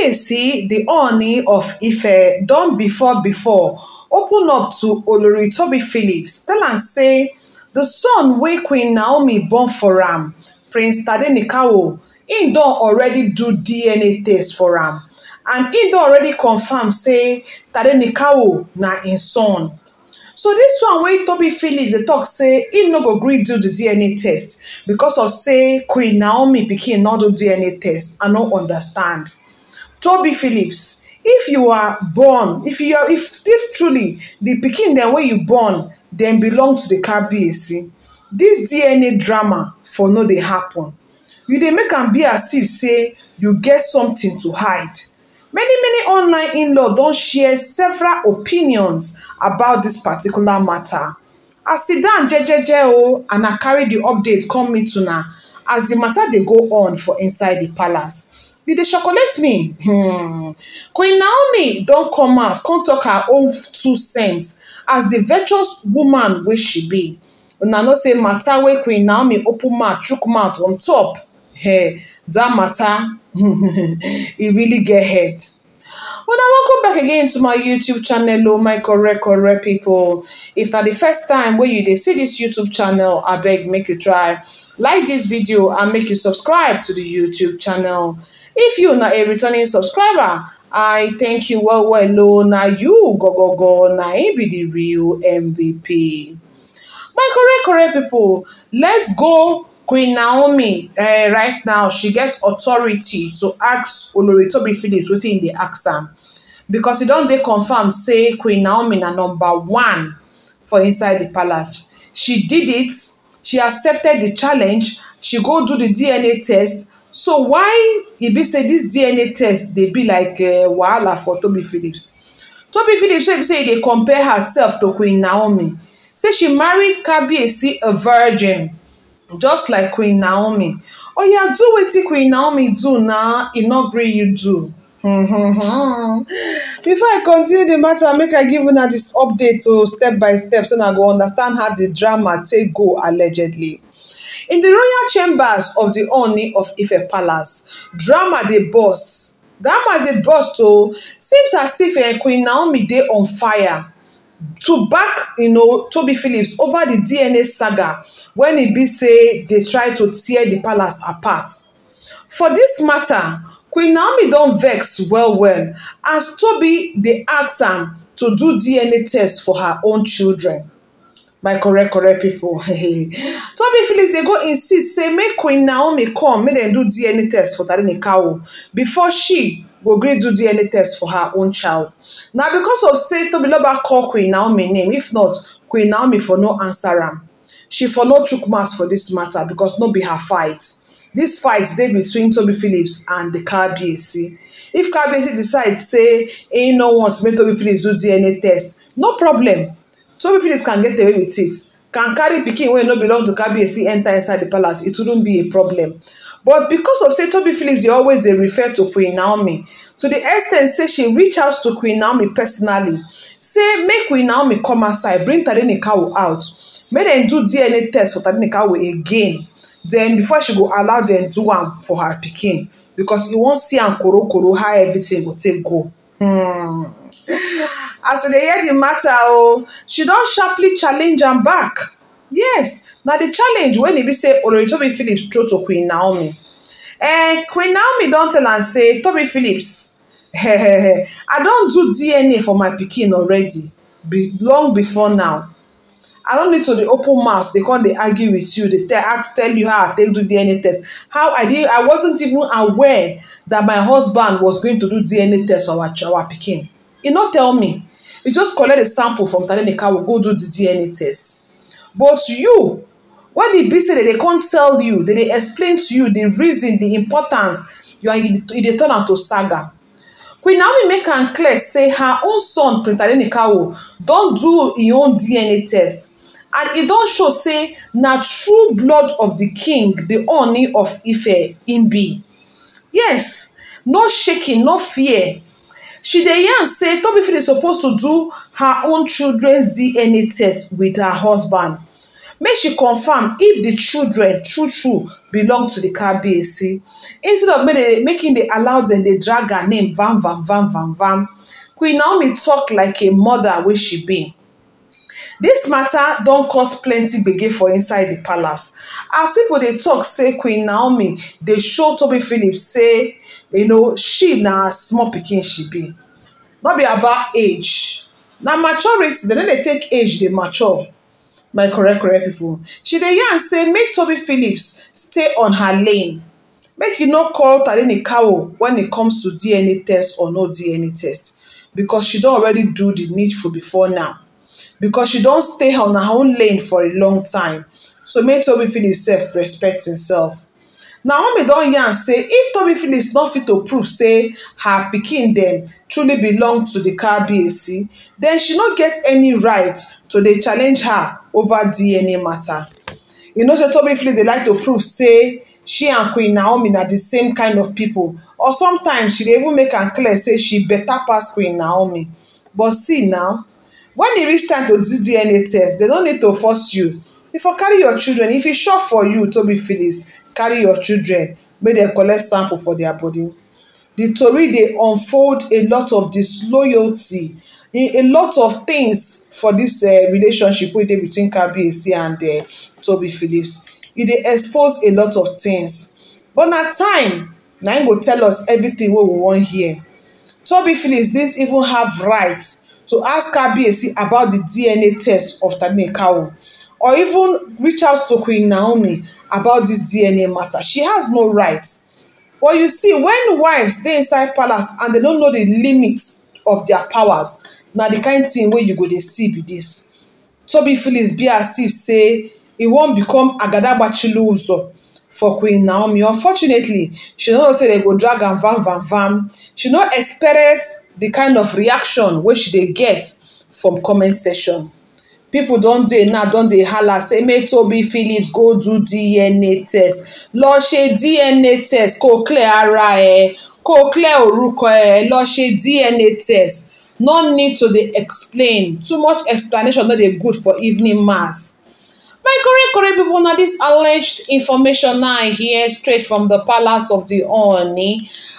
Kábíyèsí, the Ooni of Ife, done before before, open up to Olori Toby Phillips, tell am say the son wey Queen Naomi born for am, Prince Tadenikawo, im don already do DNA test for am and im don already confirm say Tadenikawo na im son. so dis one wey toby phillips dey tok say im no go gree do di dna test becos of say queen naomi pikin no do dna test i no understand toby phillips if you are born if you are if if truly the pikin dem where you born then belong to the kabiyesi This dna drama for no they happen you they make and be as if say you get something to hide many many online in-law don't share several opinions about this particular matter i sit down jejeje o and i carry the update come meet una as the matter they go on for inside the palace you dey chocolate me hmm queen naomi don come out come talk her own two cents as the virtuous woman wey she be una know say matter wey queen naomi open mouth chook mouth on top hey, eh, that matter, e really get head una welcome back again to my youtube channel oh my correct correct People. if na the first time wey you dey see this youtube channel abeg make you try like this video and make you subscribe to the youtube channel if you're not a returning subscriber i thank you well well o na you go, na im be the real mvp my correct correct people, let's go queen naomi uh, right now she gets authority to ask oloritobi phillips wetin im dey ask am because e don't dey confirm say queen naomi na number one for inside the palace she did it she accepted the challenge she go do the dna test so why e be say this dna test dey be like eh, wahala for toby phillips toby phillips wey be say e dey compare herself to queen naomi say she married kabiyesi a virgin just like queen naomi oya do wetin queen naomi do na e no gree you do Mm-hmm. before i continue the matter make i give una dis update to step by step so I go understand how the drama take go allegedly in the royal chambers of the Oni of ife palace drama they burst drama they burst o oh. seems as if eh, queen naomi dey on fire to back you know toby phillips over the dna saga when it e be say they try to tear the palace apart for this matter queen naomi don vex well well as toby dey ask am to do dna test for her own children my correct correct people. Toby, phillips dey go insist say make queen naomi come make dem do dna test for tadenikawo before she go gree do dna test for her own child na because of say Toby tobiloba call queen naomi name if not queen naomi for no answer am she for no chook mouth for dis matter because no be her fight dis fight dey between toby phillips and the KBC. if KBC decide say im no want make toby phillips do dna test no problem toby phillips can get away with it can carry pikin wey no belong to KBC enter inside the palace it wouldn't be a problem but because of say toby phillips dey always dey refer to queen naomi to di extent say she reach out to queen naomi personally say make queen naomi come outside bring tadini kawo out make dem do dna test for tadini kawo again then before she go allow them do am for her pikin because e wan see am koro how everything go take go hmm as we dey hear the matter o oh, she don sharply challenge am back yes na the challenge wey e be say oloritobi phillips throw to queen naomi eh queen naomi don tell am say tobi phillips i don do dna for my pikin already Be long before now I don't need to the open mouth. They can't they argue with you. They tell tell you how I take do DNA test. How I did I wasn't even aware that my husband was going to do DNA test on our, our picking. He not tell me. He just collect a sample from Tadeneka will go do the DNA test. But you, when the be say they can't tell you, they, they explain to you the reason, the importance, you are you they turn out to saga queen naomi make am clear say her own son prince adenikawo don do im e own dna test and e don show say na true blood of di king di Ooni of Ife im be yes no shaking no fear she dey yarn say tobi dey supposed to do her own children's dna test with her husband make she confirm if the children true true belong to di kbac instead of making dey allow dem dey drag her name van van van van van queen naomi talk like a mother wey she be This matter don cause plenty gbege for inside the palace as pipo dey talk say queen naomi dey show toby phillips say you know she na small pikin she be no be about age na maturity dem no dey take age dey mature my correct correct people. she dey yarn say make toby phillips stay on her lane make you no call talini cow when it comes to dna test or no dna test because she don't already do the needful before now because she don't stay on her own lane for a long time so make toby phillips self respect himself naomi don Yan say if toby phillips not fit to prove say her pikin dem truly belong to the car bac then she not get any right to the challenge her over dna matter you know say toby flynn they like to prove say she and queen naomi are the same kind of people. or sometimes she even make am clear say she better pass queen naomi but see now when e reach time to do dna test they don't need to force you If I carry your children if it's e short for you toby phillips carry your children make them collect sample for their body The tori they unfold a lot of disloyalty a, a lot of things for this uh, relationship wey dey between kabiyesi and uh, tobi phillips e dey expose a lot of things but na time na im go tell us everything wey we wan hear Toby phillips didn't even have right to ask kabiyesi about the dna test of tanine kawo or even reach out to queen naomi about this dna matter she has no right but you see when wives dey inside palace and they no know the limit of their powers na the kind thing wey you go dey see be dis tobi phillips be as if say e wan become agadagbachilo uzo for queen naomi unfortunately she no know say dem go drag am vam vam vam she no expect the kind of reaction wey she dey get from comment section People don dey now don dey hala say make toby phillips go do dna test lọ ṣe dna test kó clear ara ẹ kó clear orúkọ ẹ lọ ṣe dna test no need to dey explain too much explanation no dey good for evening mass my correct correct pipo na dis alleged information na i hear straight from di palace of di Oni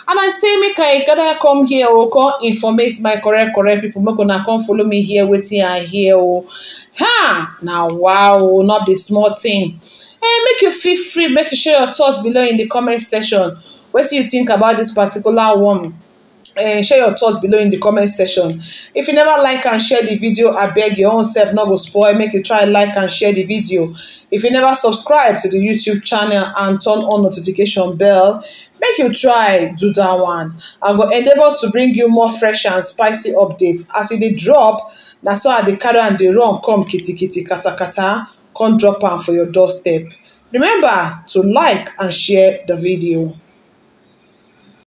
and i say make i gather come here o oh, come informate my correct correct pipo make una come follow me here wetin i hear o oh. ha na wow o oh, not be small thing. eh make you feel free make you share your thoughts below in the comment section wetin you think about this particular one and eh, share your thoughts below in the comment section if you never like and share the video I beg your own self not go spoil make you try like and share the video if you never subscribe to the youtube channel and turn on notification bell make you try do that one i go enable to bring you more fresh and spicy updates as it e dey drop na so i dey carry am dey run come kitikiti katakata come drop am for your doorstep remember to like and share the video